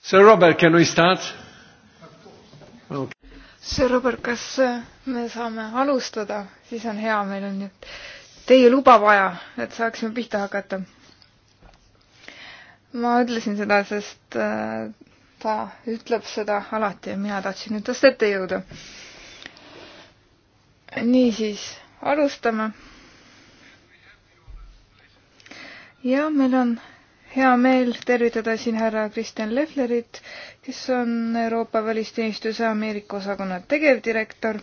Sir Robert, can we start okay.? Sir Robert, kas eh, me saame alustada, siis on hea, meil on ju teie luba vaja, et saaksime pihta hakata. ma ütlesin seda, sest eh, ta ütleb seda alati ja mina tahtsin nüüd tast ette jõuda. niisiis, alustame. ja meil on hea meel tervitada siin härra Kristjan Leflerit, kes on Euroopa Välisteenistuse Ameerika osakonna tegevdirektor.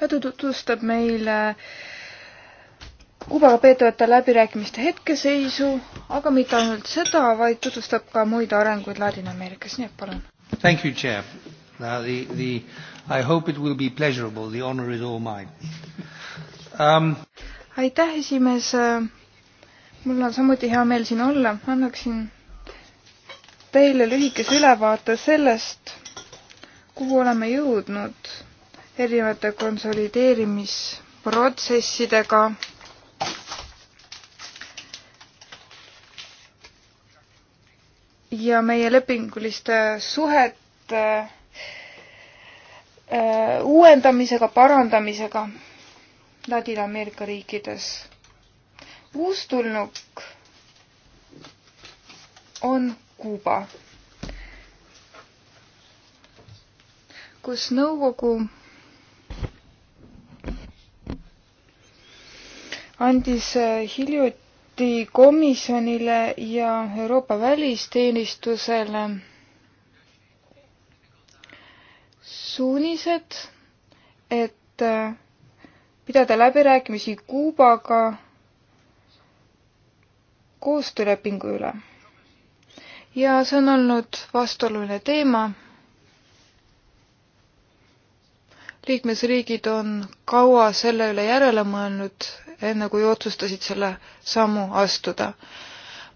ja ta tutvustab meile Kuubaga peetavate läbirääkimiste hetkeseisu, aga mitte ainult seda, vaid tutvustab ka muid arenguid Ladina-Ameerikas, nii et palun. Thank you, chair. Now the, the, I hope it will be pleasurable, the honor is all mine um.... aitäh, esimees mul on samuti hea meel siin olla, annaksin teile lühikese ülevaate sellest, kuhu oleme jõudnud erinevate konsolideerimisprotsessidega. ja meie lepinguliste suhete äh, uuendamisega, parandamisega Ladina-Ameerika riikides puustulnuk on Kuuba, kus nõukogu andis äh, hiljuti komisjonile ja Euroopa välisteenistusele suunised, et äh, pidada läbirääkimisi Kuubaga koostöölepingu üle. ja see on olnud vastuoluline teema. liikmesriigid on kaua selle üle järele mõelnud, enne kui otsustasid selle sammu astuda.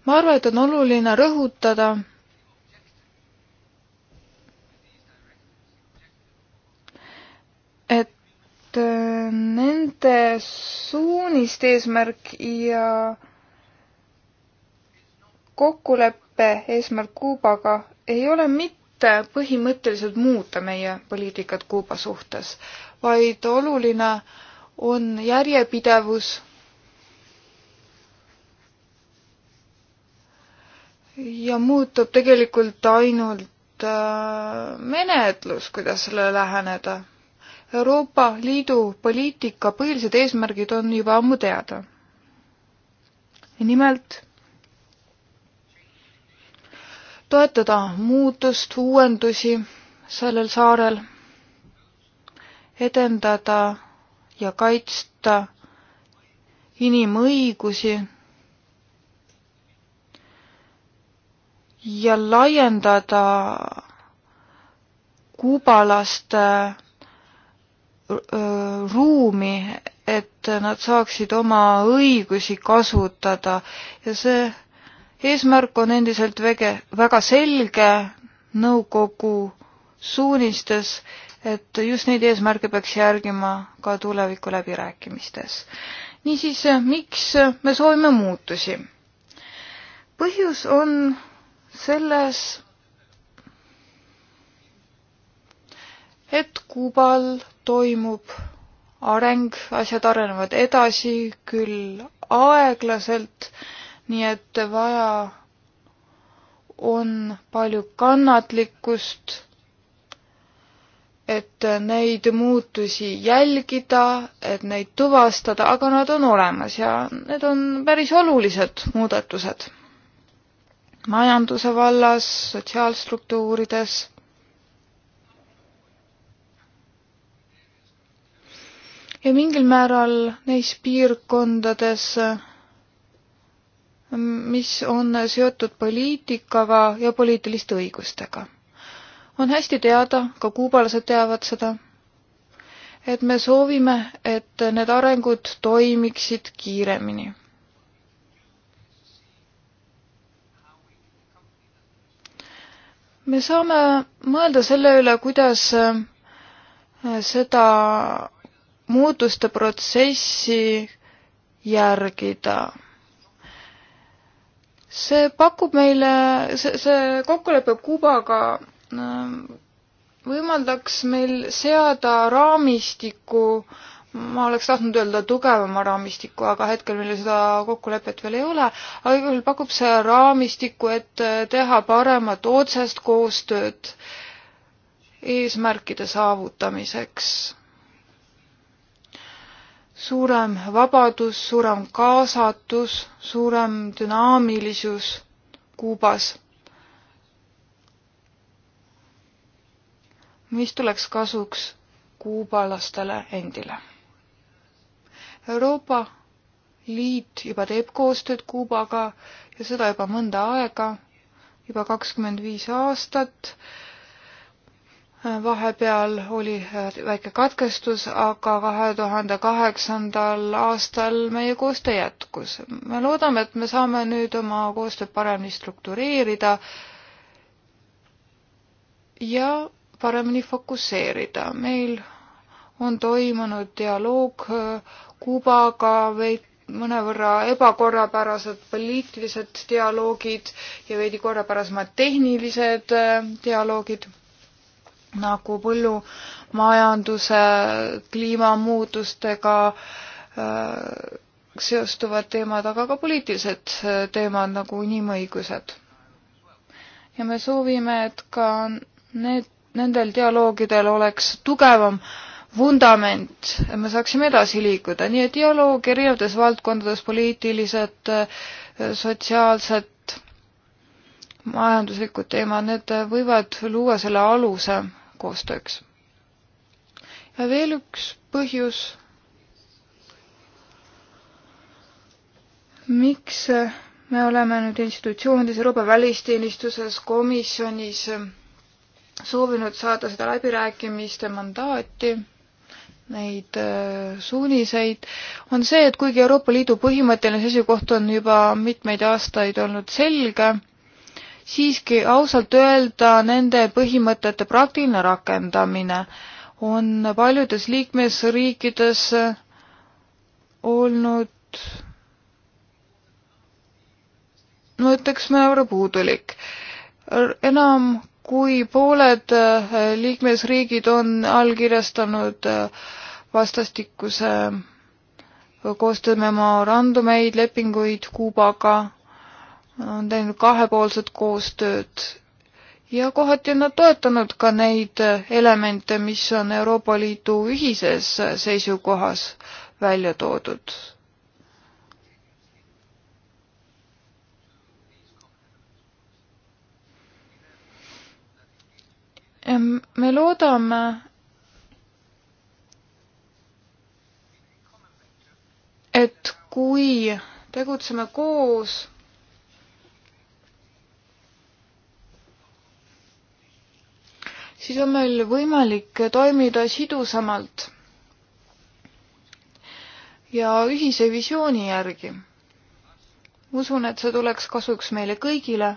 ma arvan, et on oluline rõhutada, et äh, nende suuniste eesmärk ja kokkuleppe eesmärk Kuubaga ei ole mitte põhimõtteliselt muuta meie poliitikat Kuuba suhtes, vaid oluline on järjepidevus ja muutub tegelikult ainult äh, menetlus, kuidas sellele läheneda. Euroopa Liidu poliitika põhilised eesmärgid on juba ammu teada. nimelt toetada muutust, uuendusi sellel saarel, edendada ja kaitsta inimõigusi ja laiendada kuubalaste ruumi, et nad saaksid oma õigusi kasutada ja see eesmärk on endiselt väge, väga selge nõukogu suunistes, et just neid eesmärke peaks järgima ka tuleviku läbirääkimistes. niisiis, miks me soovime muutusi? põhjus on selles, et Kuubal toimub areng, asjad arenevad edasi, küll aeglaselt äh,, nii et vaja on palju kannatlikkust, et neid muutusi jälgida, et neid tuvastada, aga nad on olemas ja need on päris olulised muudatused. majanduse vallas, sotsiaalstruktuurides ja mingil määral neis piirkondades mis on seotud poliitikaga ja poliitiliste õigustega. on hästi teada, ka kuubalased teavad seda, et me soovime, et need arengud toimiksid kiiremini. me saame mõelda selle üle, kuidas äh, seda muutuste protsessi järgida see pakub meile, see, see kokkulepe Kubaga äh, võimaldaks meil seada raamistiku, ma oleks tahtnud öelda tugevama raamistiku, aga hetkel meil seda kokkulepet veel ei ole, aga igal juhul pakub see raamistiku, et äh, teha paremat otsest koostööd eesmärkide saavutamiseks suurem vabadus, suurem kaasatus, suurem dünaamilisus Kuubas, mis tuleks kasuks kuubalastele endile. Euroopa Liit juba teeb koostööd Kuubaga ja seda juba mõnda aega, juba kakskümmend viis aastat vahepeal oli äh, väike katkestus, aga kahe tuhande kaheksandal aastal meie koostöö jätkus. me loodame, et me saame nüüd oma koostööd paremini struktureerida ja paremini fokusseerida. meil on toimunud dialoog äh, Kuubaga, mõnevõrra ebakorrapärased poliitilised dialoogid ja veidi korrapärasemad tehnilised äh, dialoogid nagu põllumajanduse kliimamuutustega äh, seostuvad teemad, aga ka poliitilised äh, teemad nagu inimõigused. ja me soovime, et ka need, nendel dialoogidel oleks tugevam vundament, et me saaksime edasi liikuda, nii et dialoog erinevates valdkondades, poliitilised, äh, sotsiaalsed, majanduslikud teemad, need võivad luua selle aluse koostööks. ja veel üks põhjus, miks me oleme nüüd institutsioonides, Euroopa välisteenistuses, komisjonis soovinud saada seda läbirääkimiste mandaati, neid äh, suuniseid, on see, et kuigi Euroopa Liidu põhimõtteline seisukoht on juba mitmeid aastaid olnud selge, siiski ausalt öelda nende põhimõtete praktiline rakendamine on paljudes liikmesriikides olnud no ütleks mõnevõrra puudulik. enam kui pooled liikmesriigid on allkirjastanud vastastikuse koostöömemorandumeid, lepinguid Kuubaga on teinud kahepoolset koostööd ja kohati on nad toetanud ka neid elemente, mis on Euroopa Liidu ühises seisukohas välja toodud. me loodame, et kui tegutseme koos siis on meil võimalik toimida sidusamalt ja ühise visiooni järgi. usun, et see tuleks kasuks meile kõigile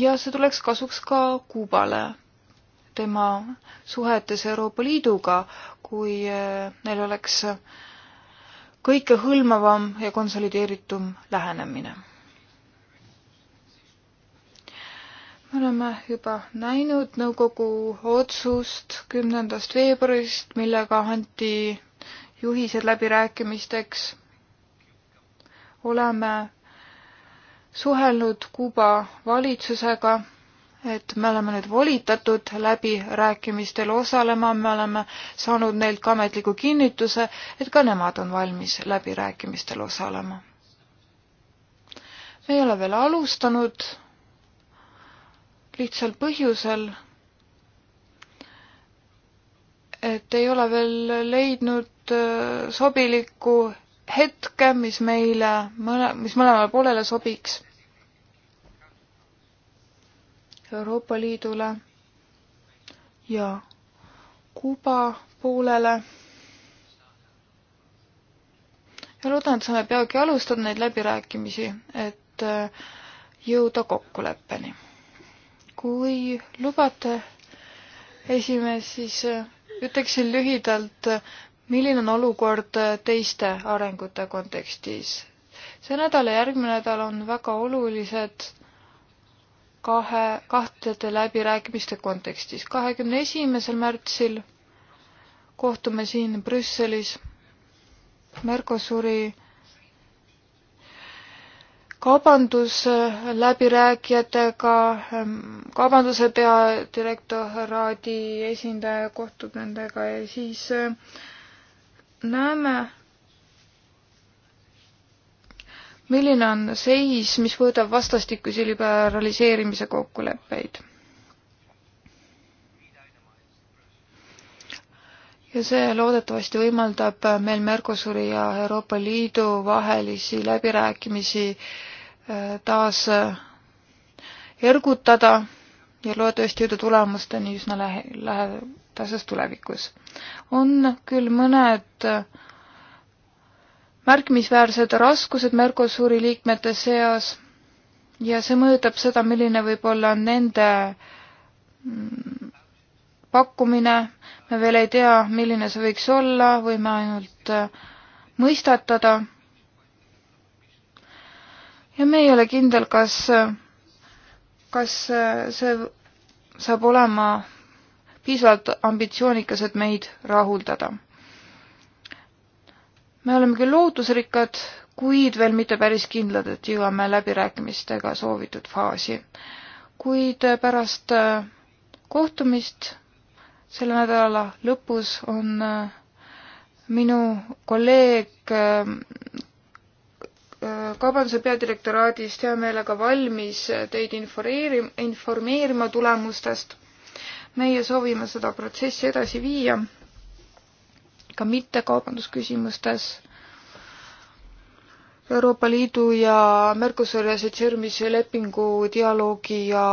ja see tuleks kasuks ka Kuubale tema suhetes Euroopa Liiduga, kui eh, neil oleks kõikehõlmavam ja konsolideeritum lähenemine me oleme juba näinud nõukogu otsust kümnendast veebruarist, millega anti juhised läbirääkimisteks. oleme suhelnud Kuuba valitsusega, et me oleme nüüd volitatud läbirääkimistel osalema, me oleme saanud neilt ka ametliku kinnituse, et ka nemad on valmis läbirääkimistel osalema. me ei ole veel alustanud lihtsal põhjusel, et ei ole veel leidnud äh, sobilikku hetke, mis meile mõne, mis mõlemale poolele sobiks. Euroopa Liidule ja Kuuba poolele. ja loodan, et saame peagi alustada neid läbirääkimisi, et äh, jõuda kokkuleppeni kui lubate, esimees, siis äh, ütleksin lühidalt, äh, milline on olukord äh, teiste arengute kontekstis. see nädal ja järgmine nädal on väga olulised kahe, kahtede läbirääkimiste kontekstis. kahekümne esimesel märtsil kohtume siin Brüsselis Mercosuri kaubandusläbirääkijatega, ähm, kaubanduse peadirektoraadi esindaja kohtub nendega ja siis äh, näeme, milline on seis, mis puudutab vastastikuse liberaliseerimise kokkuleppeid? ja see loodetavasti võimaldab meil Mercosuri ja Euroopa Liidu vahelisi läbirääkimisi äh, taas äh, ergutada ja loodetavasti jõuda tulemusteni üsna lähe, lähedases tulevikus. on küll mõned äh, märkimisväärsed raskused Mercosuri liikmete seas ja see mõjutab seda, milline võib olla nende mm, pakkumine, me veel ei tea, milline see võiks olla, võime ainult äh, mõistatada ja me ei ole kindel, kas, kas see saab olema piisavalt ambitsioonikas, et meid rahuldada. me oleme küll lootusrikkad, kuid veel mitte päris kindlad, et jõuame läbirääkimistega soovitud faasi. kuid pärast äh, kohtumist selle nädala lõpus on äh, minu kolleeg äh, kaubanduse peadirektoraadist hea meelega valmis teid informeerima, informeerima tulemustest. meie soovime seda protsessi edasi viia ka mittekaubandusküsimustes Euroopa Liidu ja Mercosuri assotsieerumise lepingu dialoogi ja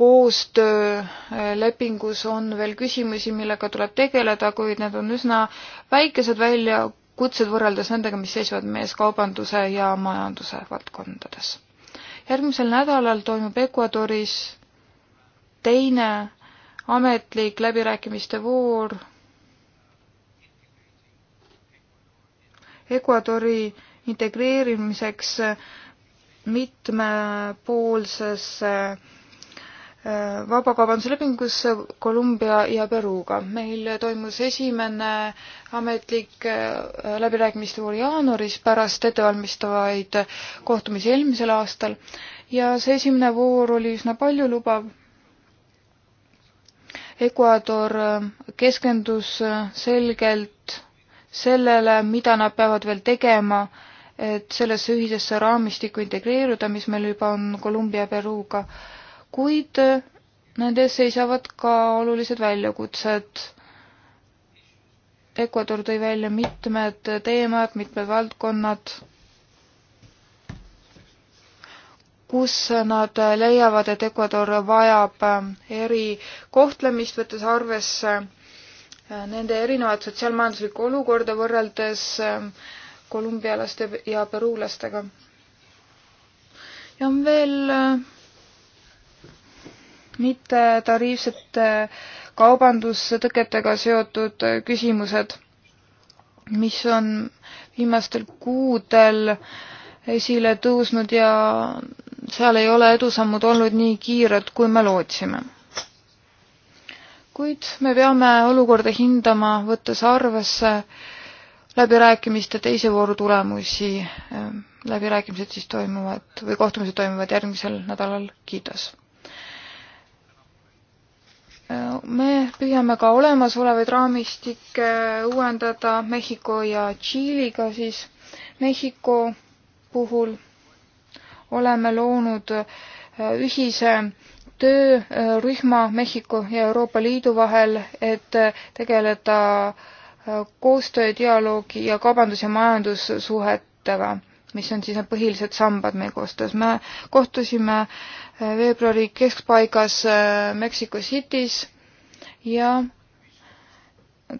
koostöölepingus on veel küsimusi, millega tuleb tegeleda, kuid need on üsna väikesed välja kutsed võrreldes nendega, mis seisvad meie ees kaubanduse ja majanduse valdkondades. järgmisel nädalal toimub Ecuadoris teine ametlik läbirääkimiste voor Ecuadori integreerimiseks mitmepoolsesse äh, vabakaubanduslepingus Kolumbia ja Peruga. meil toimus esimene ametlik äh, läbirääkimiste voor jaanuaris pärast ettevalmistavaid kohtumisi eelmisel aastal ja see esimene voor oli üsna paljulubav. Ecuador äh, keskendus äh, selgelt sellele, mida nad peavad veel tegema, et sellesse ühisesse raamistikku integreeruda, mis meil juba on Kolumbia ja Peruga äh, kuid äh, nende ees seisavad ka olulised väljakutsed. Ecuador tõi välja mitmed teemad, mitmed valdkonnad, kus nad leiavad, et Ecuador vajab äh, erikohtlemist, võttes arvesse äh, nende erinevat sotsiaalmajanduslikku olukorda võrreldes kolumbialaste ja peruulastega. ja on veel mittetariifsete kaubandustõketega seotud küsimused, mis on viimastel kuudel esile tõusnud ja seal ei ole edusammud olnud nii kiired, kui me lootsime. kuid me peame olukorda hindama, võttes arvesse läbirääkimiste teise vooru tulemusi. läbirääkimised siis toimuvad või kohtumised toimuvad järgmisel nädalal Kiitas me püüame ka olemasolevaid raamistikke uuendada Mehhiko ja Tšiiliga, siis Mehhiko puhul oleme loonud äh, ühise töörühma Mehhiko ja Euroopa Liidu vahel, et äh, tegeleda äh, koostöö, dialoogi ja kaubandus- ja majandussuhetega, mis on siis need põhilised sambad meie koostöös. me kohtusime äh, veebruari keskpaigas äh, Mexico City's ja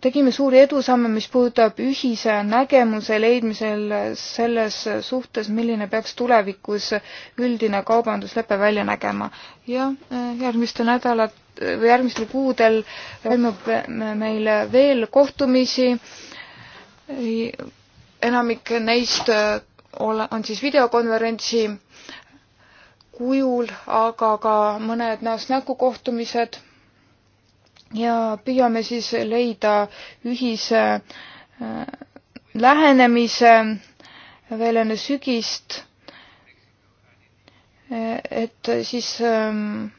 tegime suuri edusamme, mis puudutab ühise nägemuse leidmisel selles suhtes, milline peaks tulevikus üldine kaubanduslepe välja nägema. ja äh, järgmistel nädalat või järgmistel kuudel toimub meil veel kohtumisi. enamik neist äh, on siis videokonverentsi kujul, aga ka mõned näost näkku kohtumised. ja püüame siis leida ühise äh, lähenemise veel enne sügist. Äh, et siis ähm,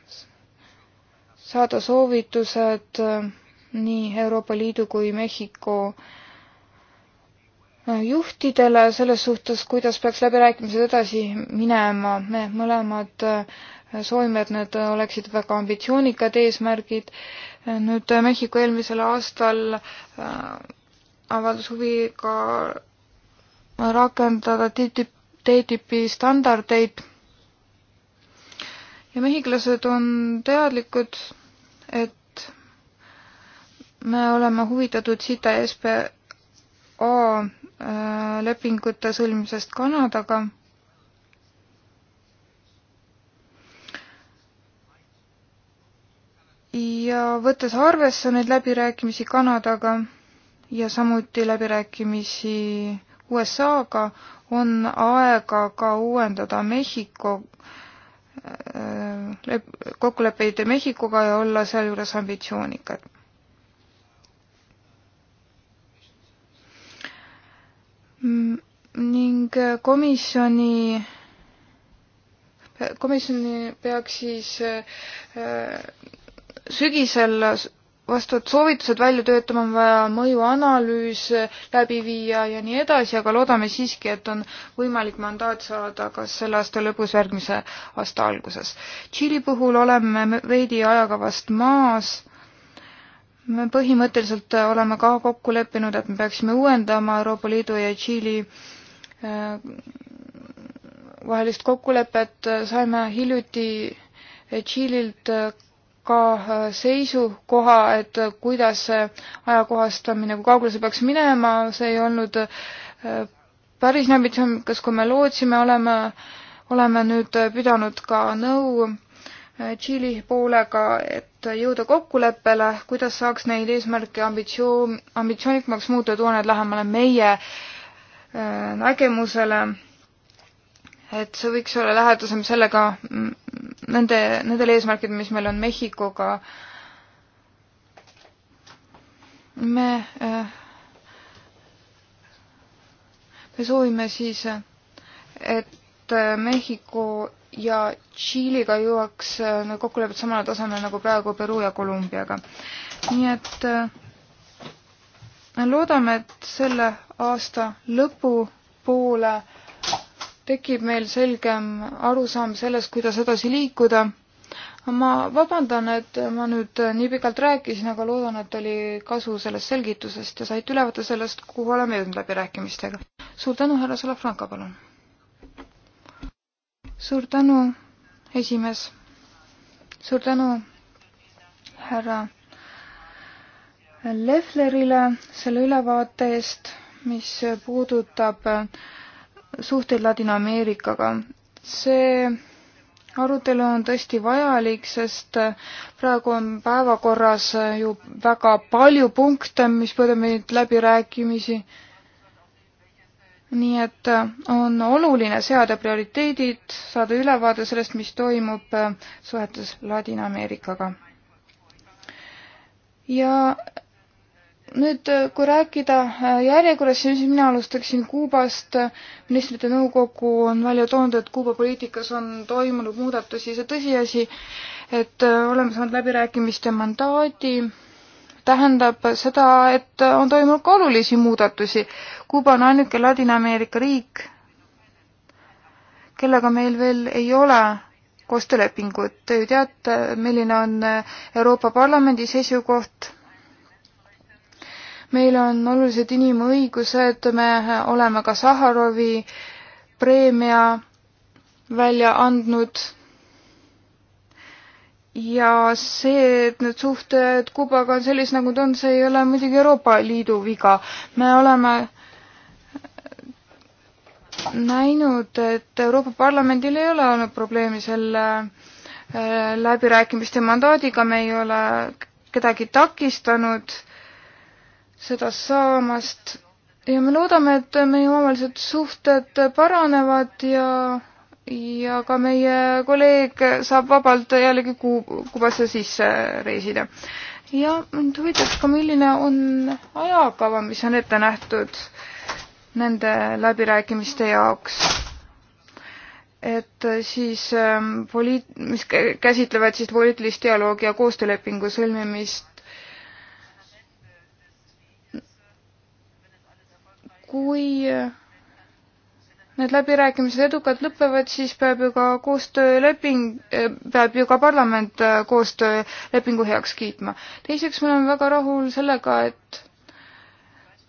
saada soovitused äh, nii Euroopa Liidu kui Mehhiko äh, juhtidele selles suhtes, kuidas peaks läbirääkimised edasi minema. me mõlemad äh, soovime, et need oleksid väga ambitsioonikad eesmärgid. nüüd äh, Mehhiko eelmisel aastal äh, avaldas huvi ka rakendada TTIP, TTIP-i standardeid. ja mehhiklased on teadlikud, et me oleme huvitatud SITA ja SBA Äh, lepingute sõlmisest Kanadaga. ja võttes arvesse neid läbirääkimisi Kanadaga ja samuti läbirääkimisi USA-ga, on aega ka uuendada Mehhiko äh, kokkuleppeid Mehhikoga ja olla sealjuures ambitsioonikad Mm, ning äh, komisjoni, komisjoni peaks siis äh, äh, sügisel vastavad soovitused välja töötama, on vaja mõjuanalüüs läbi viia ja nii edasi, aga loodame siiski, et on võimalik mandaat saada kas selle aasta lõpus, järgmise aasta alguses. Tšiili puhul oleme veidi ajakavast maas me põhimõtteliselt oleme ka kokku leppinud, et me peaksime uuendama Euroopa Liidu ja Tšiili äh, vahelist kokkulepet, saime hiljuti Tšiililt ka äh, seisukoha, et kuidas see ajakohastamine, kui kaugele see peaks minema, see ei olnud äh, päris nii ambitsioonikas, kui me lootsime, oleme, oleme nüüd pidanud ka nõu Äh, Tšiili poolega, et jõuda kokkuleppele, kuidas saaks neid eesmärke ambitsioon, ambitsioonikamaks muuta ja tuua need lähemale meie äh, nägemusele. et see võiks olla lähedasem sellega, mm, nende, nendel eesmärkidel, mis meil on Mehhikoga. me, äh, me soovime siis, et Mehhiko ja Tšiiliga jõuaks äh, kokkulepet samale tasemele nagu praegu Peru ja Kolumbiaga. nii et äh, loodame, et selle aasta lõpupoole tekib meil selgem arusaam sellest, kuidas edasi liikuda. ma vabandan, et ma nüüd nii pikalt rääkisin, aga loodan, et oli kasu sellest selgitusest ja saite ülevaate sellest, kuhu oleme jõudnud läbirääkimistega. suur tänu, härra Salafranca, palun! suur tänu, esimees. suur tänu härra Leflerile selle ülevaate eest, mis puudutab suhteid Ladina-Ameerikaga. see arutelu on tõesti vajalik, sest praegu on päevakorras ju väga palju punkte, mis puudutab neid läbirääkimisi nii et äh, on oluline seada prioriteedid, saada ülevaade sellest, mis toimub äh, suhetes Ladina-Ameerikaga. ja nüüd, äh, kui rääkida järjekorras, siis mina alustaksin Kuubast. ministrite nõukogu on välja toonud, et Kuuba poliitikas on toimunud muudatusi, see tõsiasi, et oleme saanud läbirääkimiste mandaadi tähendab seda, et on toimunud ka olulisi muudatusi. Kuuba on ainuke Ladina-Ameerika riik, kellega meil veel ei ole koostöölepingut. Te ju teate, milline on Euroopa Parlamendi seisukoht. meil on olulised inimõigused, me oleme ka Saharovi preemia välja andnud ja see, et need suhted Kuubaga on sellised, nagu ta on, see ei ole muidugi Euroopa Liidu viga. me oleme näinud, et Euroopa Parlamendil ei ole olnud probleemi selle äh, läbirääkimiste mandaadiga, me ei ole kedagi takistanud seda saamast ja me loodame, et meie omavahelised suhted paranevad ja ja ka meie kolleeg saab vabalt jällegi Kuub-, Kuubasse sisse reisida. ja mind huvitaks ka, milline on ajakava, mis on ette nähtud nende läbirääkimiste jaoks. et siis ähm, poliit-, mis käsitlevad siis poliitilist dialoogi ja koostöölepingu sõlmimist kui äh, need läbirääkimised edukalt lõpevad, siis peab ju ka koostööleping, eh, peab ju ka parlament eh, koostöölepingu heaks kiitma. teiseks me oleme väga rahul sellega, et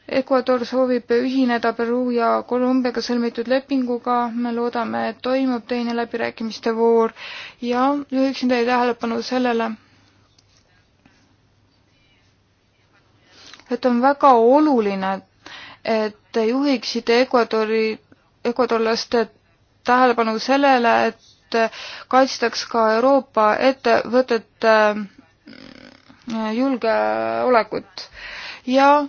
Ecuador soovib ühineda Peruu ja Kolumbiaga sõlmitud lepinguga, me loodame, et toimub teine läbirääkimiste voor ja juhiksin teie tähelepanu sellele, et on väga oluline, et juhiksite Ecuadori Ecuadorlaste tähelepanu sellele, et kaitstaks ka Euroopa ettevõtete äh, julgeolekut ja äh,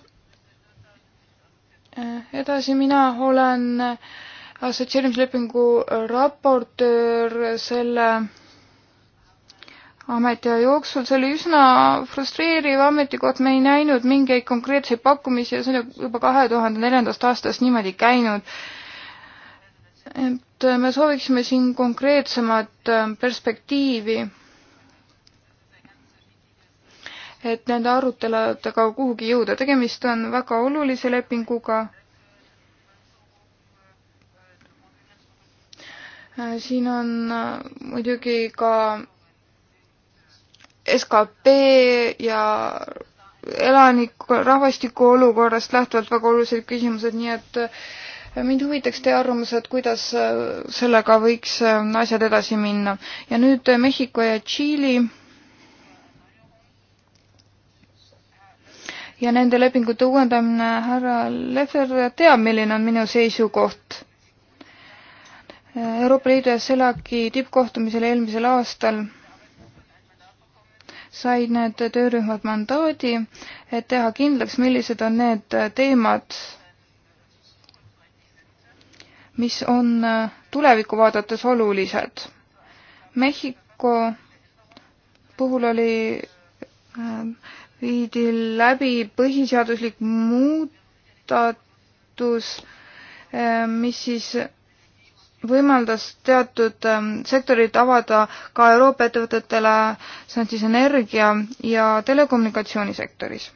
edasi mina olen assotsieerimislepingu raportöör selle ametiaja jooksul, see oli üsna frustreeriv ametikoht, me ei näinud mingeid konkreetseid pakkumisi ja see on juba kahe tuhande neljandast aastast niimoodi käinud et me sooviksime siin konkreetsemat äh, perspektiivi, et nende aruteludega kuhugi jõuda. tegemist on väga olulise lepinguga. Äh, siin on äh, muidugi ka skp ja elaniku, rahvastiku olukorrast lähtuvalt väga olulised küsimused, nii et äh, mind huvitaks teie arvamus, et kuidas äh, sellega võiks äh, asjad edasi minna. ja nüüd äh, Mehhiko ja Tšiili. ja nende lepingute uuendamine, härra Lefer teab, milline on minu seisukoht. Euroopa Liidu ja CELAC-i tippkohtumisel eelmisel aastal said need töörühmad mandaadi, et teha kindlaks, millised on need teemad, mis on äh, tulevikku vaadates olulised. Mehhiko puhul oli, äh, viidi läbi põhiseaduslik muudatus, äh, mis siis võimaldas teatud ähm, sektorit avada ka Euroopa ettevõtetele, see on siis energia- ja telekommunikatsioonisektoris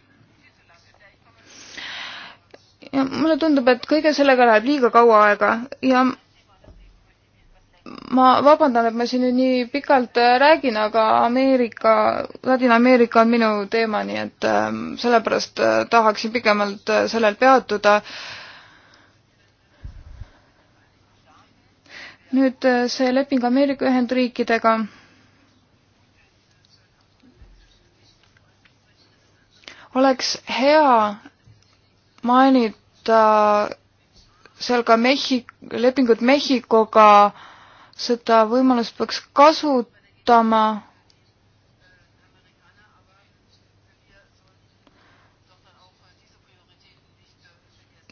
ja mulle tundub, et kõige sellega läheb liiga kaua aega ja ma vabandan, et ma siin nüüd nii pikalt äh, räägin, aga Ameerika, Ladina-Ameerika on minu teema, nii et ähm, sellepärast äh, tahaksin pikemalt äh, sellel peatuda. nüüd see leping Ameerika Ühendriikidega oleks hea mainida seal ka Mehhi-, lepingut Mehhikoga, seda võimalust peaks kasutama.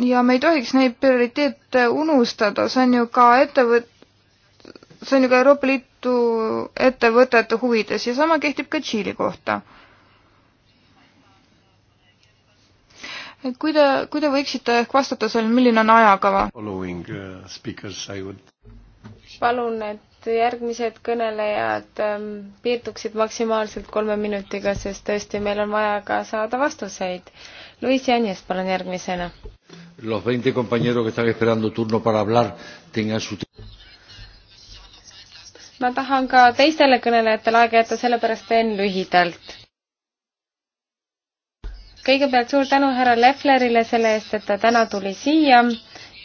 ja me ei tohiks neid prioriteete unustada, see on ju ka ettevõt-, see on ju ka Euroopa Liidu ettevõtete huvides ja sama kehtib ka Tšiili kohta et kui te, kui te võiksite ehk vastata sellele, milline on ajakava? Uh, palun, et järgmised kõnelejad ähm, piirduksid maksimaalselt kolme minutiga, sest tõesti, meil on vaja ka saada vastuseid. Luis Janjes, palun järgmisena. Los 20 compañeros que están esperando turno para hablar tengan su ma tahan ka teistele kõnelejatele aega jätta, sellepärast teen lühidalt kõigepealt suur tänu härra Leflerile selle eest, et ta täna tuli siia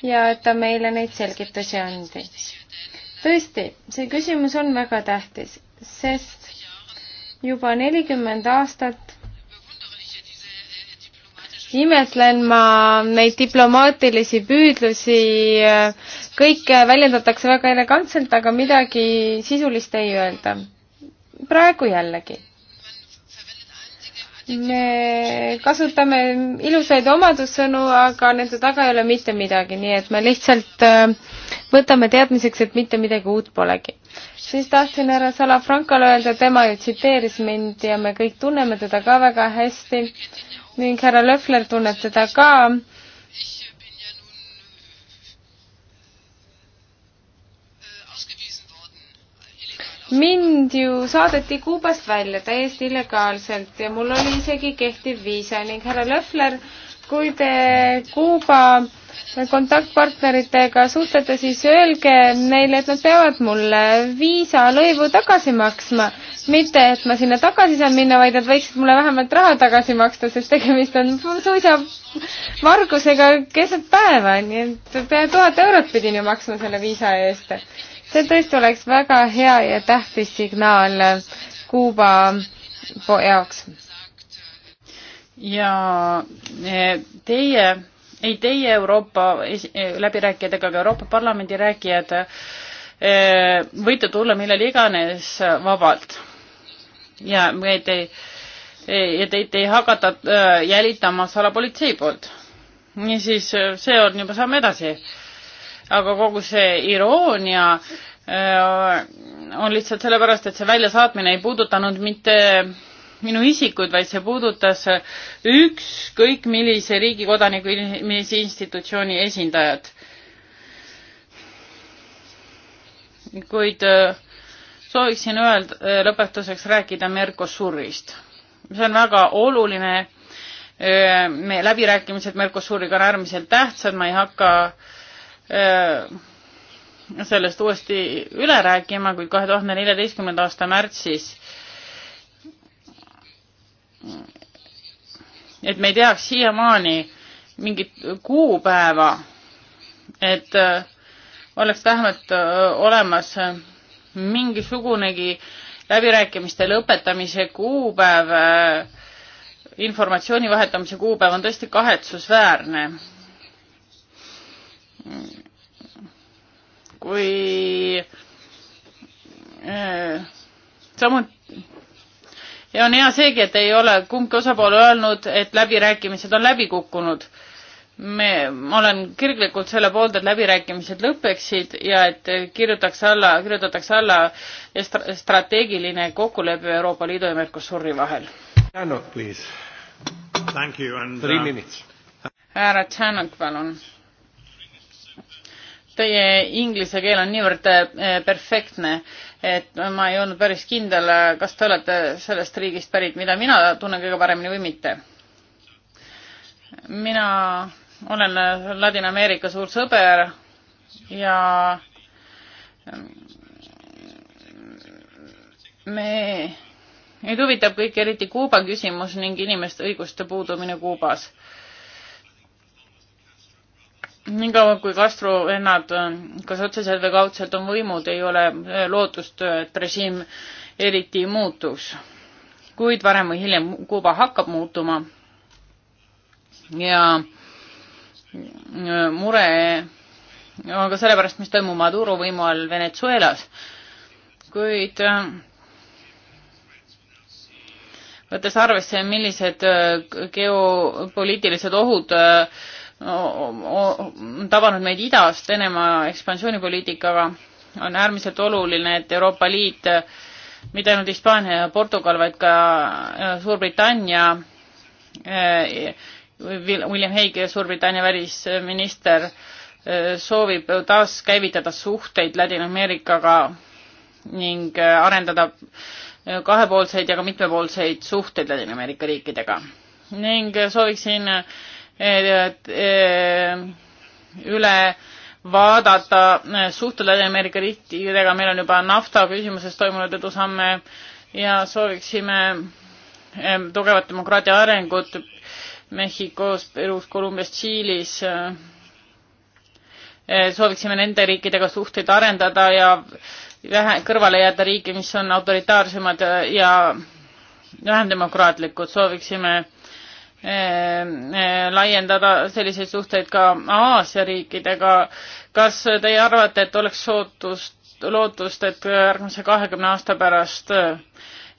ja et ta meile neid selgitusi andis. tõesti, see küsimus on väga tähtis, sest juba nelikümmend aastat imetlen ma neid diplomaatilisi püüdlusi, kõike väljendatakse väga elegantselt, aga midagi sisulist ei öelda. praegu jällegi me kasutame ilusaid omadussõnu, aga nende taga ei ole mitte midagi, nii et me lihtsalt äh, võtame teadmiseks, et mitte midagi uut polegi. siis tahtsin härra Salafrankole öelda, tema ju tsiteeris mind ja me kõik tunneme teda ka väga hästi ning härra Löhler tunneb teda ka mind ju saadeti Kuubast välja täiesti illegaalselt ja mul oli isegi kehtiv viisa ning härra Löffler, kui te Kuuba kontaktpartneritega suhtlete, siis öelge neile, et nad peavad mulle viisalõivu tagasi maksma. mitte, et ma sinna tagasi saan minna, vaid nad võiksid mulle vähemalt raha tagasi maksta, sest tegemist on suisa vargusega keset päeva, nii et pea tuhat eurot pidin ju maksma selle viisa eest see tõesti oleks väga hea ja tähtis signaal Kuuba jaoks. ja eh, teie, ei teie Euroopa eh, läbirääkijad ega ka Euroopa Parlamendi rääkijad eh, võite tulla millal iganes vabalt. ja meid ei, ja teid ei hakata jälitama salapolitsei poolt. niisiis, see on juba samm edasi aga kogu see iroonia äh, on lihtsalt sellepärast, et see väljasaatmine ei puudutanud mitte minu isikut, vaid see puudutas ükskõik millise riigi kodaniku, millise institutsiooni esindajat. kuid äh, sooviksin öelda, äh, lõpetuseks rääkida Mercosurist. see on väga oluline. me läbirääkimised Mercosuriga on äärmiselt tähtsad, ma ei hakka äh, Äh, sellest uuesti üle rääkima, kuid kahe tuhande neljateistkümnenda aasta märtsis et me ei teaks siiamaani mingit kuupäeva, et äh, oleks vähemalt äh, olemas mingisugunegi läbirääkimiste lõpetamise kuupäev, informatsiooni vahetamise kuupäev on tõesti kahetsusväärne kui äh, samuti ja on hea seegi, et ei ole kumbki osapool öelnud, et läbirääkimised on läbi kukkunud. me, ma olen kirglikult selle poolt, et läbirääkimised lõpeksid ja et kirjutaks alla, kirjutatakse alla stra strateegiline kokkulepe Euroopa Liidu ja Mercosuri vahel. Uh, härra Tšanok, palun teie inglise keel on niivõrd eh, perfektne, et ma ei olnud päris kindel, eh, kas te olete sellest riigist pärit, mida mina tunnen kõige paremini või mitte. mina olen eh, Ladina-Ameerika suur sõber ja mm, me, meid huvitab kõik eriti Kuuba küsimus ning inimeste õiguste puudumine Kuubas niikaua kui Castro vennad, äh, kas otseselt või kaudselt on võimud, ei ole äh, lootust, äh, et režiim eriti muutuks. kuid varem või hiljem Kuuba hakkab muutuma ja mure on ka selle pärast, mis toimub Maduro võimu all Venezuelas, kuid võttes arvesse, millised geopoliitilised ohud äh, on tabanud meid idast Venemaa ekspansioonipoliitikaga, on äärmiselt oluline, et Euroopa Liit, mitte ainult Hispaania ja Portugal, vaid ka äh, Suurbritannia, äh, William Hague, Suurbritannia välisminister, äh, soovib taaskäivitada suhteid Ladina-Ameerikaga ning arendada kahepoolseid ja ka mitmepoolseid suhteid Ladina-Ameerika riikidega. ning sooviksin üle vaadata eh, suhted Ladina-Ameerika riikidega, meil on juba nafta küsimuses toimunud edusamme ja sooviksime eh, tugevat demokraatia arengut Mehhikos, Perus, Kolumbias, Tšiilis. Eh, sooviksime nende riikidega suhteid arendada ja vähe, kõrvale jääda riike, mis on autoritaarsemad ja vähem demokraatlikud, sooviksime Ehm, ehm, laiendada selliseid suhteid ka Aasia riikidega. kas teie arvate, et oleks sootust, lootust, et järgmise kahekümne aasta pärast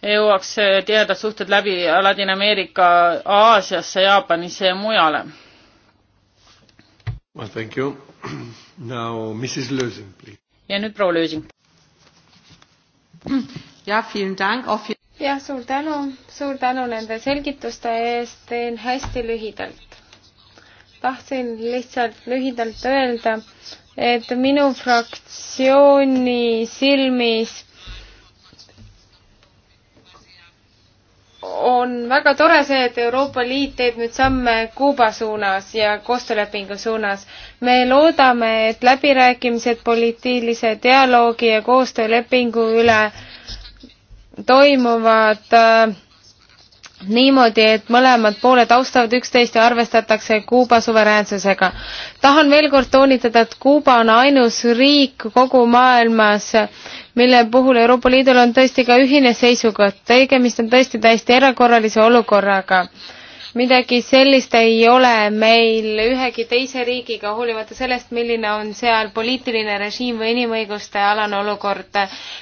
jõuaks tihedad suhted läbi Ladina-Ameerika Aasiasse, Jaapanisse ja mujale? Well, thank you. Now Mrs. Lösing, please. ja nüüd proua Lösing. ja, vielen Dank, auch jah, suur tänu, suur tänu nende selgituste eest, teen hästi lühidalt. tahtsin lihtsalt lühidalt öelda, et minu fraktsiooni silmis on väga tore see, et Euroopa Liit teeb nüüd samme Kuuba suunas ja koostöölepingu suunas. me loodame, et läbirääkimised poliitilise dialoogi ja koostöölepingu üle toimuvad äh, niimoodi, et mõlemad pooled austavad üksteist ja arvestatakse Kuuba suveräänsusega. tahan veel kord toonitada, et Kuuba on ainus riik kogu maailmas, mille puhul Euroopa Liidul on tõesti ka ühine seisukoht, tegemist on tõesti täiesti erakorralise olukorraga midagi sellist ei ole meil ühegi teise riigiga, hoolimata sellest, milline on seal poliitiline režiim või inimõiguste alane olukord.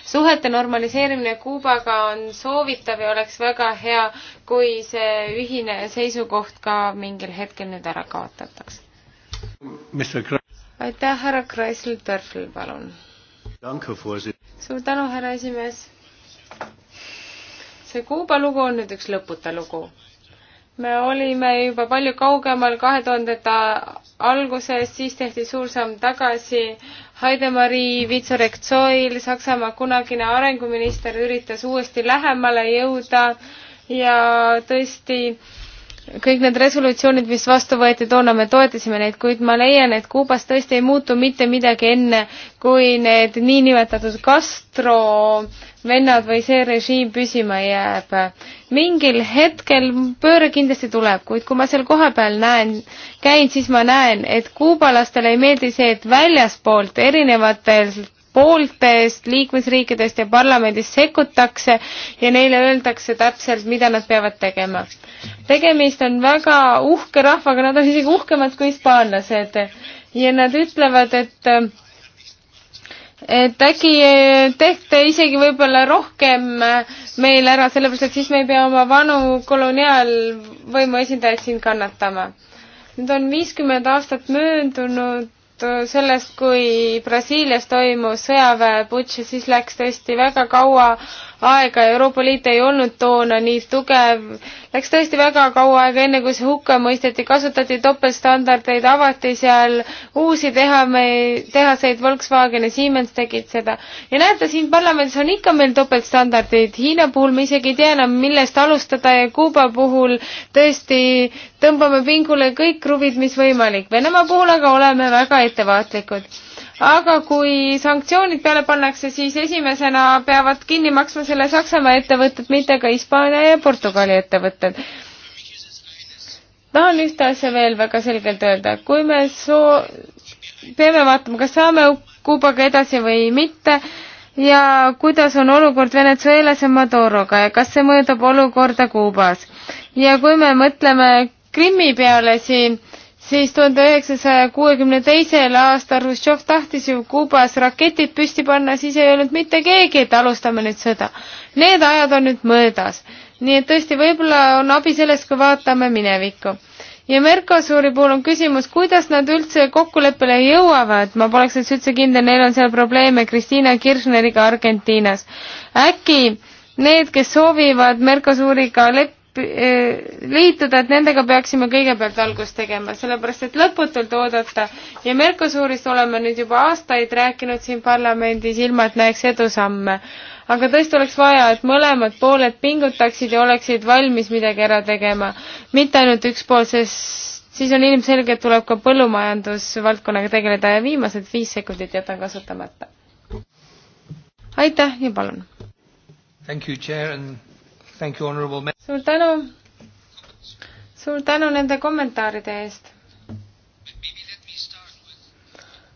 suhete normaliseerimine Kuubaga on soovitav ja oleks väga hea, kui see ühine seisukoht ka mingil hetkel nüüd ära kaotataks. aitäh, härra Kreisel-Dörfl, palun. suur tänu, härra esimees. see Kuuba lugu on nüüd üks lõputa lugu me olime juba palju kaugemal kahe tuhandete alguses, siis tehti suur samm tagasi. Heidemarie Vitsorek-Zoil, Saksamaa kunagine arenguminister, üritas uuesti lähemale jõuda ja tõesti kõik need resolutsioonid, mis vastu võeti toona, me toetasime neid, kuid ma leian, et Kuubas tõesti ei muutu mitte midagi enne, kui need niinimetatud Castro vennad või see režiim püsima jääb. mingil hetkel pööre kindlasti tuleb, kuid kui ma seal kohapeal näen, käin, siis ma näen, et kuubalastele ei meeldi see, et väljaspoolt erinevatelt pooltest, liikmesriikidest ja parlamendist sekkutakse ja neile öeldakse täpselt, mida nad peavad tegema. tegemist on väga uhke rahvaga, nad on isegi uhkemad kui hispaanlased ja nad ütlevad, et et äkki eh, tehke isegi võib-olla rohkem eh, meil ära, sellepärast et siis me ei pea oma vanu koloniaalvõimu esindajaid siin kannatama. nüüd on viiskümmend aastat möödunud eh, sellest, kui Brasiilias toimus sõjaväeputš ja siis läks tõesti väga kaua aega, Euroopa Liit ei olnud toona nii tugev. Läks tõesti väga kaua aega, enne kui see hukka mõisteti, kasutati topeltstandardeid, avati seal uusi tehame, tehaseid, Volkswagen ja Siemens tegid seda. ja näete, siin parlamendis on ikka meil topeltstandardid, Hiina puhul me isegi ei tea enam, millest alustada ja Kuuba puhul tõesti tõmbame pingule kõik kruvid, mis võimalik. Venemaa puhul aga oleme väga ettevaatlikud aga kui sanktsioonid peale pannakse, siis esimesena peavad kinni maksma selle Saksamaa ettevõtted, mitte ka Hispaania ja Portugali ettevõtted. tahan ühte asja veel väga selgelt öelda, kui me soo-, peame vaatama, kas saame Kuubaga edasi või mitte ja kuidas on olukord Venezuelas ja Maduroga ja kas see mõjutab olukorda Kuubas. ja kui me mõtleme Krimmi peale siin, siis tuhande üheksasaja kuuekümne teisel aastal Hruštšov tahtis ju Kuubas raketid püsti panna, siis ei öelnud mitte keegi, et alustame nüüd sõda. Need ajad on nüüd möödas. nii et tõesti, võib-olla on abi sellest, kui vaatame minevikku. ja Mercosuri puhul on küsimus, kuidas nad üldse kokkuleppele jõuavad, ma poleks üldse kindel, neil on seal probleeme Kristiina Kirchneriga Argentiinas. äkki need, kes soovivad Mercosuriga leppida, E, liituda, et nendega peaksime kõigepealt algust tegema, sellepärast et lõputult oodata ja Mercosurist oleme nüüd juba aastaid rääkinud siin parlamendis, ilma et näeks edusamme. aga tõesti oleks vaja, et mõlemad pooled pingutaksid ja oleksid valmis midagi ära tegema, mitte ainult üks pool, sest siis on ilmselge, et tuleb ka põllumajandusvaldkonnaga tegeleda ja viimased viis sekundit jätan kasutamata. aitäh ja palun! Thank you, Chair and suur tänu, suur tänu nende kommentaaride eest.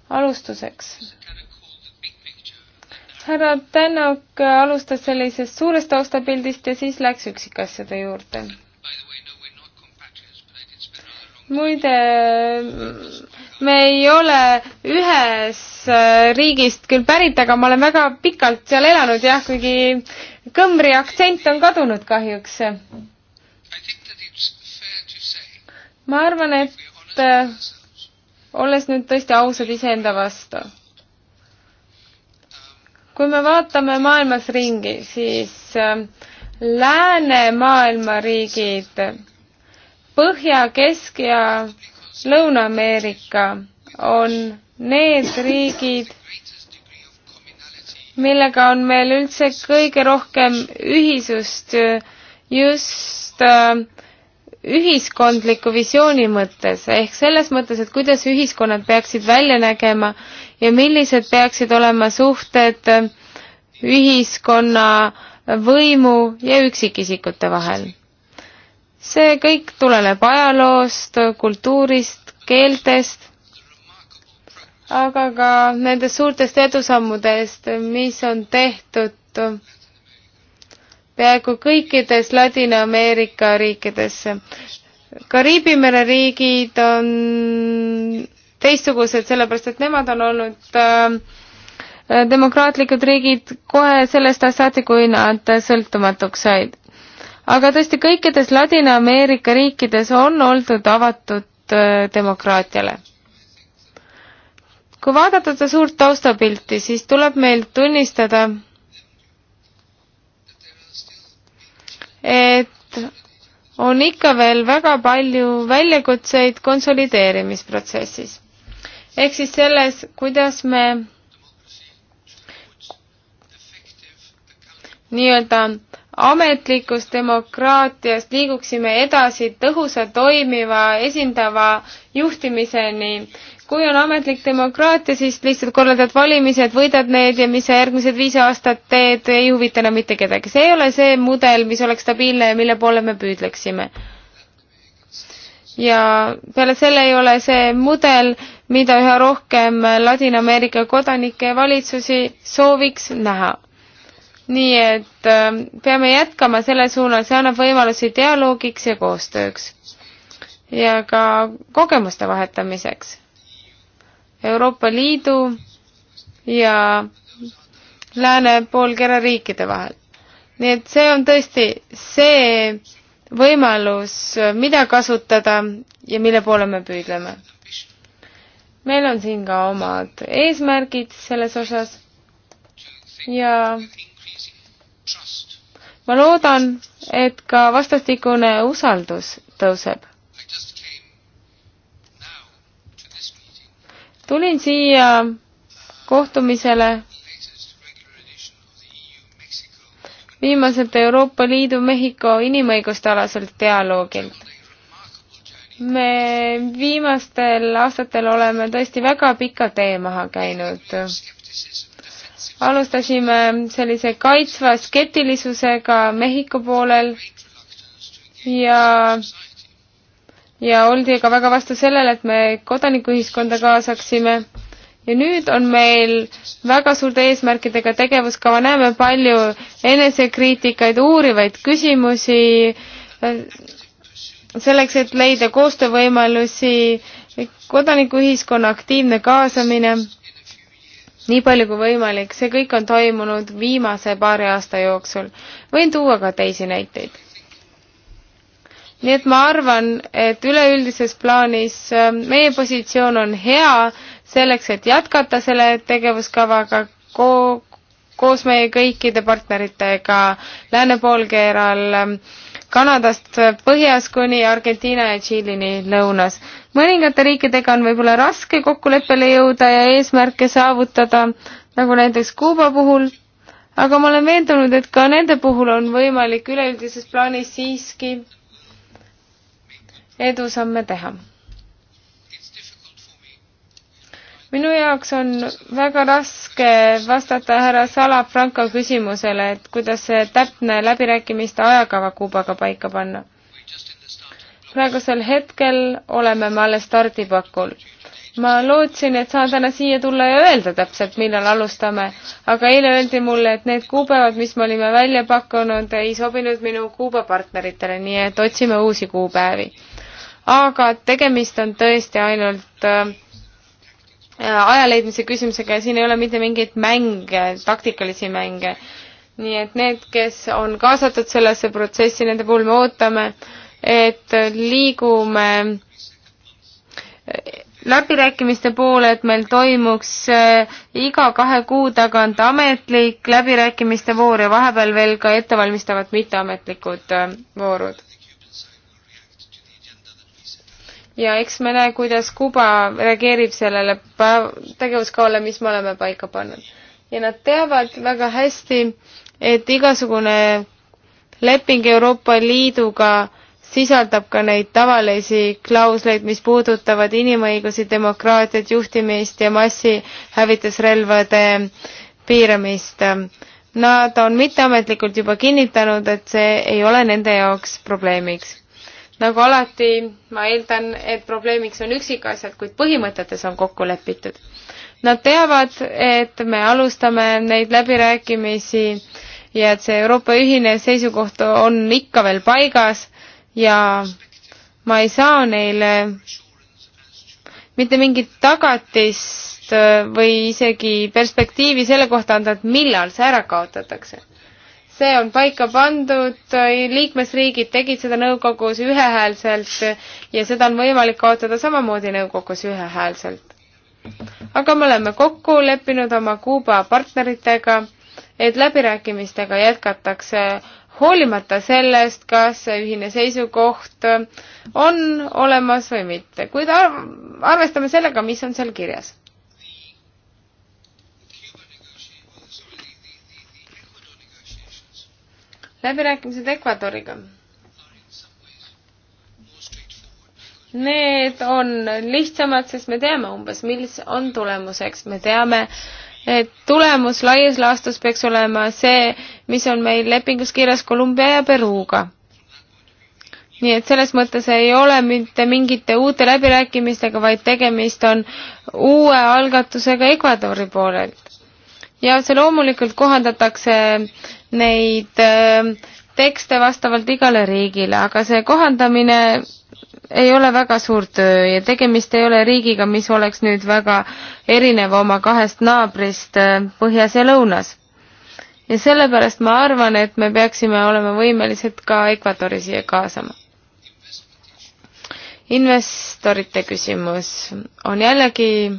alustuseks. härra Tänak alustas sellisest suurest taustapildist ja siis läks üksikasjade juurde. muide, me ei ole ühes äh, riigist küll pärit, aga ma olen väga pikalt seal elanud jah, kuigi kõmri aktsent on kadunud kahjuks. ma arvan, et äh, olles nüüd tõesti ausad iseenda vastu, kui me vaatame maailmas ringi, siis äh, läänemaailma riigid, Põhja, Kesk ja Lõuna-Ameerika on need riigid, millega on meil üldse kõige rohkem ühisust just äh, ühiskondliku visiooni mõttes, ehk selles mõttes, et kuidas ühiskonnad peaksid välja nägema ja millised peaksid olema suhted ühiskonna, võimu ja üksikisikute vahel see kõik tuleneb ajaloost, kultuurist, keeltest, aga ka nendest suurtest edusammudest, mis on tehtud peaaegu kõikides Ladina-Ameerika riikides. Kariibi mere riigid on teistsugused, sellepärast et nemad on olnud äh, demokraatlikud riigid kohe sellest ajast saati, kui nad sõltumatuks said aga tõesti kõikides Ladina-Ameerika riikides on oldud avatud äh, demokraatiale. kui vaadata seda suurt taustapilti, siis tuleb meil tunnistada, et on ikka veel väga palju väljakutseid konsolideerimisprotsessis. ehk siis selles, kuidas me nii-öelda ametlikust demokraatiast liiguksime edasi tõhusa, toimiva, esindava juhtimiseni. kui on ametlik demokraatia, siis lihtsalt korraldad valimised, võidad need ja mis sa järgmised viis aastat teed, ei huvita enam mitte kedagi. see ei ole see mudel, mis oleks stabiilne ja mille poole me püüdleksime. ja peale selle ei ole see mudel, mida üha rohkem Ladina-Ameerika kodanike valitsusi sooviks näha nii et ähm, peame jätkama selle suunas, see annab võimalusi dialoogiks ja koostööks ja ka kogemuste vahetamiseks Euroopa Liidu ja lääne poolkera riikide vahel. nii et see on tõesti see võimalus, mida kasutada ja mille poole me püüdleme. meil on siin ka omad eesmärgid selles osas ja ma loodan, et ka vastastikune usaldus tõuseb. tulin siia kohtumisele viimaselt Euroopa Liidu Mehhiko inimõiguste alaselt dialoogilt. me viimastel aastatel oleme tõesti väga pika tee maha käinud alustasime sellise kaitsva skeptilisusega Mehhiko poolel ja, ja oldi ka väga vastu sellele, et me kodanikuühiskonda kaasaksime. ja nüüd on meil väga suurte eesmärkidega tegevuskava, näeme palju enesekriitikaid, uurivaid küsimusi, selleks, et leida koostöövõimalusi, kodanikuühiskonna aktiivne kaasamine nii palju kui võimalik, see kõik on toimunud viimase paari aasta jooksul. võin tuua ka teisi näiteid. nii et ma arvan, et üleüldises plaanis ähm, meie positsioon on hea selleks, et jätkata selle tegevuskavaga ko koos meie kõikide partneritega lääne poolkeeral ähm, Kanadast põhjas kuni Argentiina ja Tšiilini lõunas mõningate riikidega on võib-olla raske kokkuleppele jõuda ja eesmärke saavutada, nagu näiteks Kuuba puhul, aga ma olen veendunud, et ka nende puhul on võimalik üleüldises plaanis siiski edusamme teha. minu jaoks on väga raske vastata härra Salafranco küsimusele, et kuidas see täpne läbirääkimiste ajakava Kuubaga paika panna praegusel hetkel oleme me alles stardipakul. ma lootsin, et saan täna siia tulla ja öelda täpselt, millal alustame, aga eile öeldi mulle, et need kuupäevad, mis me olime välja pakkunud, ei sobinud minu Kuuba partneritele, nii et otsime uusi kuupäevi. aga tegemist on tõesti ainult äh, aja leidmise küsimusega ja siin ei ole mitte mingeid mänge, taktikalisi mänge. nii et need, kes on kaasatud sellesse protsessi, nende puhul me ootame äh, et liigume läbirääkimiste poole, et meil toimuks eh, iga kahe kuu tagant ametlik läbirääkimiste voor ja vahepeal veel ka ettevalmistavad mitteametlikud eh, voorud. ja eks me näe, kuidas Kuba reageerib sellele tegevuskavale, mis me oleme paika pannud. ja nad teavad väga hästi, et igasugune leping Euroopa Liiduga sisaldab ka neid tavalisi klausleid, mis puudutavad inimõigusi, demokraatiat, juhtimist ja massihävitusrelvade piiramist. Nad on mitteametlikult juba kinnitanud, et see ei ole nende jaoks probleemiks. nagu alati, ma eeldan, et probleemiks on üksikasjad, kuid põhimõtetes on kokku lepitud. Nad teavad, et me alustame neid läbirääkimisi ja et see Euroopa ühine seisukoht on ikka veel paigas ja ma ei saa neile mitte mingit tagatist äh, või isegi perspektiivi selle kohta anda, et millal see ära kaotatakse. see on paika pandud, äh, liikmesriigid tegid seda nõukogus ühehäälselt ja seda on võimalik kaotada samamoodi nõukogus ühehäälselt. aga me oleme kokku leppinud oma Kuuba partneritega, et läbirääkimistega jätkatakse hoolimata sellest, kas see ühine seisukoht on olemas või mitte, kuid arvestame sellega, mis on seal kirjas. läbirääkimised Ecuadoriga. Need on lihtsamad, sest me teame umbes, mis on tulemuseks, me teame, et tulemus laias laastus peaks olema see, mis on meil lepingus kirjas Kolumbia ja Peruga. nii et selles mõttes ei ole mitte mingite uute läbirääkimistega, vaid tegemist on uue algatusega Ecuadori poolelt. ja see loomulikult kohandatakse neid äh, tekste vastavalt igale riigile, aga see kohandamine ei ole väga suur töö ja tegemist ei ole riigiga, mis oleks nüüd väga erinev oma kahest naabrist äh, põhjas ja lõunas. ja sellepärast ma arvan, et me peaksime olema võimelised ka Ekvatori siia kaasama. investorite küsimus on jällegi,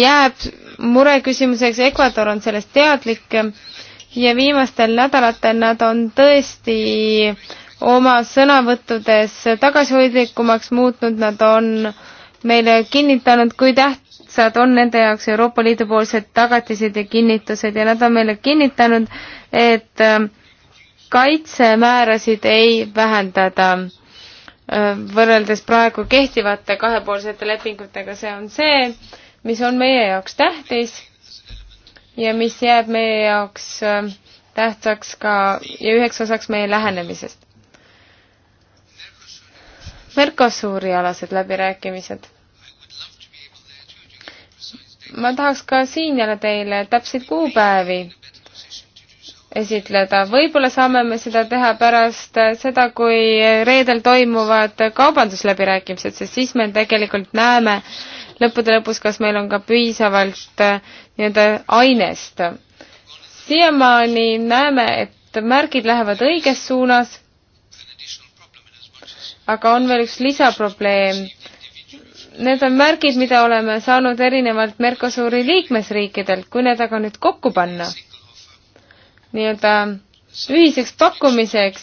jääb mureküsimuseks, Ekvator on sellest teadlik ja viimastel nädalatel nad on tõesti äh, oma sõnavõttudes tagasihoidlikumaks muutnud, nad on meile kinnitanud, kui tähtsad on nende jaoks Euroopa Liidu poolsed tagatised ja kinnitused ja nad on meile kinnitanud, et ähm, kaitsemäärasid ei vähendada ähm, võrreldes praegu kehtivate kahepoolsete lepingutega, see on see, mis on meie jaoks tähtis ja mis jääb meie jaoks ähm, tähtsaks ka ja üheks osaks meie lähenemisest Mercosuri alased läbirääkimised. ma tahaks ka siin jälle teile täpseid kuupäevi esitleda, võib-olla saame me seda teha pärast seda, kui reedel toimuvad kaubandusläbirääkimised, sest siis me tegelikult näeme lõppude lõpus, kas meil on ka piisavalt äh, nii-öelda ainest. siiamaani näeme, et märgid lähevad õiges suunas aga on veel üks lisaprobleem. Need on märgid, mida oleme saanud erinevalt Mercosuri liikmesriikidelt, kui need aga nüüd kokku panna nii-öelda ühiseks pakkumiseks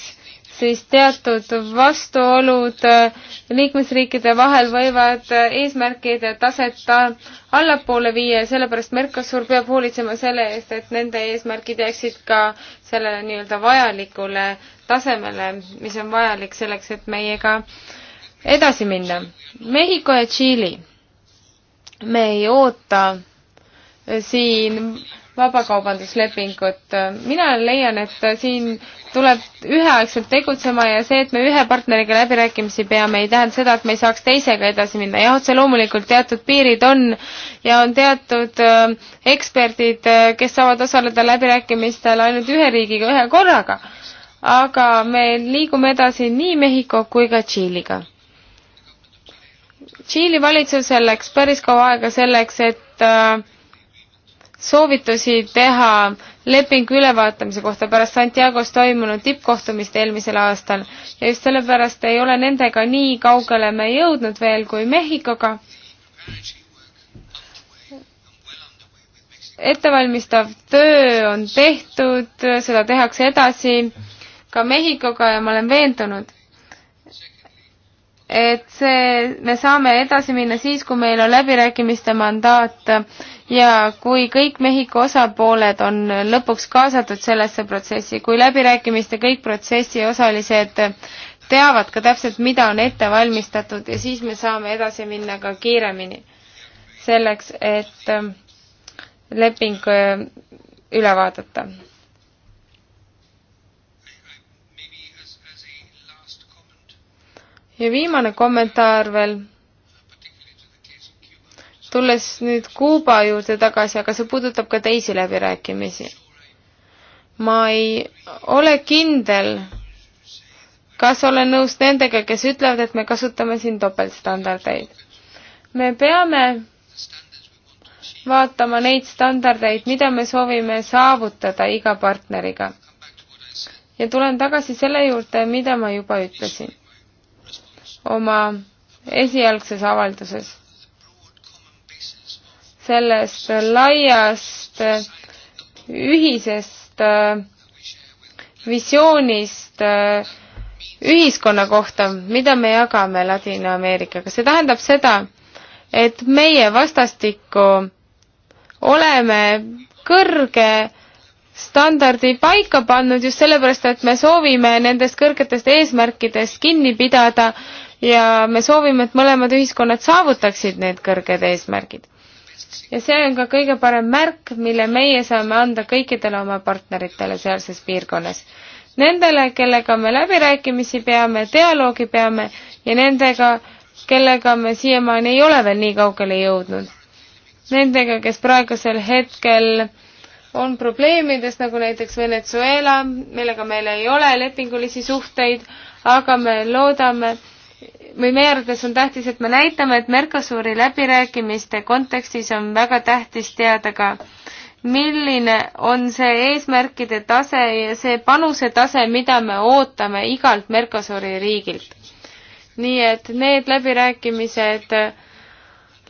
siis teatud vastuolud äh, liikmesriikide vahel võivad äh, eesmärkide taset äh, allapoole viia ja sellepärast Mercosur peab hoolitsema selle eest, et nende eesmärgid jääksid ka sellele nii-öelda vajalikule tasemele, mis on vajalik selleks, et meiega edasi minna. Mehhiko ja Tšiili. me ei oota siin vabakaubanduslepingut. mina leian, et siin tuleb üheaegselt tegutsema ja see, et me ühe partneriga läbirääkimisi peame, ei tähenda seda, et me ei saaks teisega edasi minna. jah, otse loomulikult teatud piirid on ja on teatud äh, eksperdid, äh, kes saavad osaleda läbirääkimistel ainult ühe riigiga ühe korraga. aga me liigume edasi nii Mehhiko kui ka Tšiiliga. Tšiili valitsusel läks päris kaua aega selleks, et äh, soovitusi teha lepingu ülevaatamise kohta pärast Santiago's toimunud tippkohtumist eelmisel aastal ja just sellepärast ei ole nendega nii kaugele me jõudnud veel kui Mehhikoga. ettevalmistav töö on tehtud, seda tehakse edasi ka Mehhikoga ja ma olen veendunud, et see, me saame edasi minna siis, kui meil on läbirääkimiste mandaat ja kui kõik Mehhiko osapooled on lõpuks kaasatud sellesse protsessi, kui läbirääkimiste kõik protsessi osalised teavad ka täpselt, mida on ette valmistatud ja siis me saame edasi minna ka kiiremini. selleks, et leping äh, üle vaadata ja viimane kommentaar veel. tulles nüüd Kuuba juurde tagasi, aga see puudutab ka teisi läbirääkimisi. ma ei ole kindel, kas olen nõus nendega, kes ütlevad, et me kasutame siin topeltstandardeid. me peame vaatama neid standardeid, mida me soovime saavutada iga partneriga. ja tulen tagasi selle juurde, mida ma juba ütlesin oma esialgses avalduses. sellest laiast ühisest äh, visioonist äh, ühiskonna kohta, mida me jagame Ladina-Ameerikaga. see tähendab seda, et meie vastastikku oleme kõrge standardi paika pannud just sellepärast, et me soovime nendest kõrgetest eesmärkidest kinni pidada ja me soovime, et mõlemad ühiskonnad saavutaksid need kõrged eesmärgid. ja see on ka kõige parem märk, mille meie saame anda kõikidele oma partneritele sealses piirkonnas. Nendele, kellega me läbirääkimisi peame, dialoogi peame ja nendega, kellega me siiamaani ei ole veel nii kaugele jõudnud. Nendega, kes praegusel hetkel on probleemides, nagu näiteks Venezuela, millega meil ei ole lepingulisi suhteid, aga me loodame, või meie arvates on tähtis, et me näitame, et Mercosuri läbirääkimiste kontekstis on väga tähtis teada ka, milline on see eesmärkide tase ja see panuse tase, mida me ootame igalt Mercosuri riigilt. nii et need läbirääkimised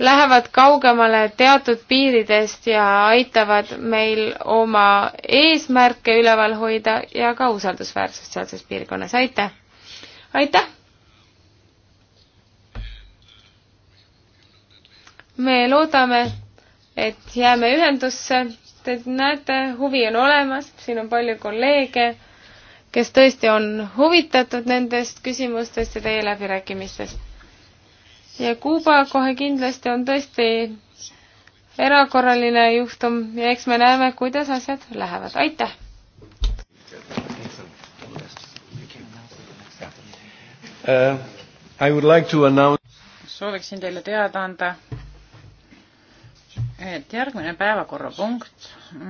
lähevad kaugemale teatud piiridest ja aitavad meil oma eesmärke üleval hoida ja ka usaldusväärsust sealses piirkonnas, aitäh! aitäh! me loodame, et jääme ühendusse. Te näete, huvi on olemas, siin on palju kolleege, kes tõesti on huvitatud nendest küsimustest ja teie läbirääkimistest. ja Kuuba kohe kindlasti on tõesti erakorraline juhtum ja eks me näeme, kuidas asjad lähevad. aitäh! Uh, I would like to announce sooviksin teile teada anda, et järgmine päevakorrapunkt,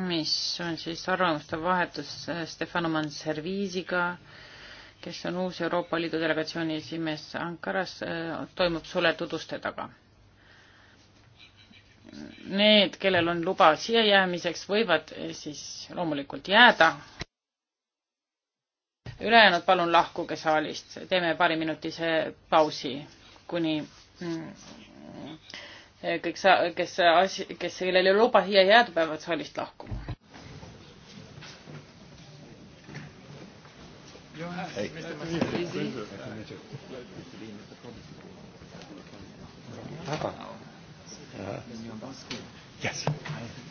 mis on siis arvamuste vahetus Stefano Manserviisiga, kes on uus Euroopa Liidu delegatsiooni esimees Ankaras, toimub suletud uste taga. Need, kellel on luba siia jäämiseks, võivad siis loomulikult jääda. ülejäänud palun lahkuge saalist, teeme paariminutise pausi, kuni mm, kõik sa, kes asi, kes, kellel ei ole luba siia jääda, peavad saalist lahkuma. Hey. Papa. Uh, yes.